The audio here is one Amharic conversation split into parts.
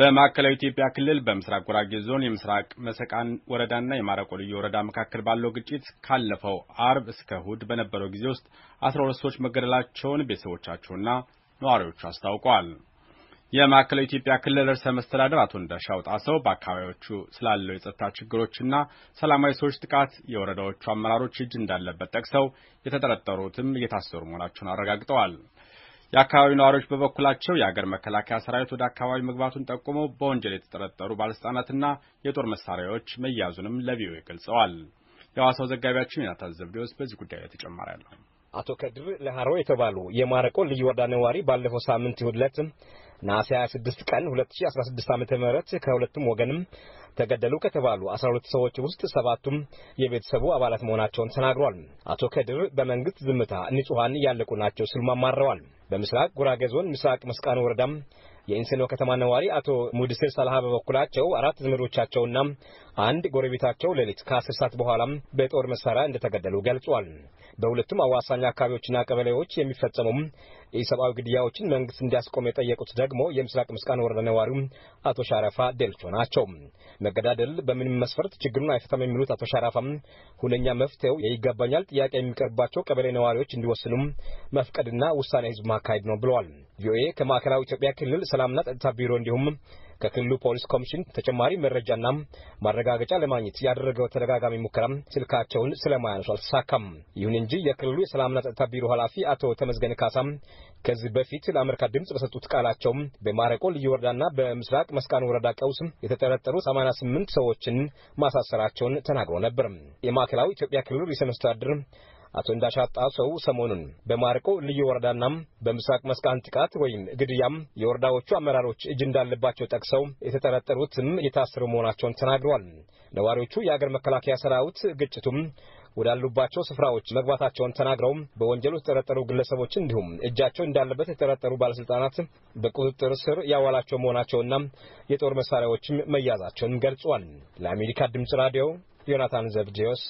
በማዕከላዊ ኢትዮጵያ ክልል በምስራቅ ጉራጌ ዞን የምስራቅ መሰቃን ወረዳና የማረቆ ልዩ ወረዳ መካከል ባለው ግጭት ካለፈው አርብ እስከ እሁድ በነበረው ጊዜ ውስጥ አስራ ሁለት ሰዎች መገደላቸውን ቤተሰቦቻቸውና ነዋሪዎቹ አስታውቋል። የማዕከላዊ ኢትዮጵያ ክልል ርዕሰ መስተዳደር አቶ እንዳሻው ጣሰው በአካባቢዎቹ ስላለው የጸጥታ ችግሮችና ሰላማዊ ሰዎች ጥቃት የወረዳዎቹ አመራሮች እጅ እንዳለበት ጠቅሰው የተጠረጠሩትም እየታሰሩ መሆናቸውን አረጋግጠዋል። የአካባቢው ነዋሪዎች በበኩላቸው የአገር መከላከያ ሰራዊት ወደ አካባቢ መግባቱን ጠቁመው በወንጀል የተጠረጠሩ ባለስልጣናትና የጦር መሳሪያዎች መያዙንም ለቪኦኤ ገልጸዋል። የሐዋሳው ዘጋቢያችን ዮናታን ዘብዴዎስ በዚህ ጉዳይ ላይ ተጨማሪ ያለው አቶ ከድር ለሃሮ የተባሉ የማረቆ ልዩ ወረዳ ነዋሪ ባለፈው ሳምንት እሁድ ዕለት ነሐሴ 26 ቀን 2016 .ም ከሁለቱም ወገንም ተገደሉ ከተባሉ 12 ሰዎች ውስጥ ሰባቱም የቤተሰቡ አባላት መሆናቸውን ተናግሯል። አቶ ከድር በመንግስት ዝምታ ንጹሐን እያለቁ ናቸው ሲሉ ማረዋል። በምስራቅ ጉራጌ ዞን ምስራቅ መስቃን ወረዳም የኢንሴኖ ከተማ ነዋሪ አቶ ሙድስር ሰልሃ በበኩላቸው አራት ዘመዶቻቸውና አንድ ጎረቤታቸው ሌሊት ከአስር ሰዓት በኋላም በጦር መሳሪያ እንደተገደሉ ገልጿል። በሁለቱም አዋሳኝ አካባቢዎችና ቀበሌዎች የሚፈጸሙም የሰብአዊ ግድያዎችን መንግስት እንዲያስቆም የጠየቁት ደግሞ የምስራቅ ምስቃን ወረዳ ነዋሪው አቶ ሻረፋ ደልቾ ናቸው። መገዳደል በምንም መስፈርት ችግሩን አይፈታም የሚሉት አቶ ሻረፋም ሁነኛ መፍትሄው የይገባኛል ጥያቄ የሚቀርባቸው ቀበሌ ነዋሪዎች እንዲወስኑም መፍቀድና ውሳኔ ህዝብ አካሄድ ነው ብለዋል። ቪኦኤ ከማዕከላዊ ኢትዮጵያ ክልል ሰላምና ጸጥታ ቢሮ እንዲሁም ከክልሉ ፖሊስ ኮሚሽን ተጨማሪ መረጃና ማረጋገጫ ለማግኘት ያደረገው ተደጋጋሚ ሙከራ ስልካቸውን ስለማያነሱ አልተሳካም። ይሁን እንጂ የክልሉ የሰላምና ጸጥታ ቢሮ ኃላፊ አቶ ተመዝገን ካሳም ከዚህ በፊት ለአሜሪካ ድምፅ በሰጡት ቃላቸው በማረቆ ልዩ ወረዳና በምስራቅ መስቃን ወረዳ ቀውስ የተጠረጠሩ 88 ሰዎችን ማሳሰራቸውን ተናግሮ ነበር። የማዕከላዊ ኢትዮጵያ ክልል ርዕሰ መስተዳድር አቶ እንዳሻጣ ሰው ሰሞኑን በማረቆ ልዩ ወረዳና በምስራቅ መስቃን ጥቃት ወይም ግድያም የወረዳዎቹ አመራሮች እጅ እንዳለባቸው ጠቅሰው የተጠረጠሩትም የታሰሩ መሆናቸውን ተናግረዋል። ነዋሪዎቹ የአገር መከላከያ ሰራዊት ግጭቱም ወዳሉባቸው ስፍራዎች መግባታቸውን ተናግረው በወንጀሉ የተጠረጠሩ ግለሰቦች እንዲሁም እጃቸው እንዳለበት የተጠረጠሩ ባለስልጣናት በቁጥጥር ስር ያዋላቸው መሆናቸውና የጦር መሳሪያዎችም መያዛቸውን ገልጿል። ለአሜሪካ ድምጽ ራዲዮ ዮናታን ዘብዴዎስ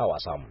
ሐዋሳም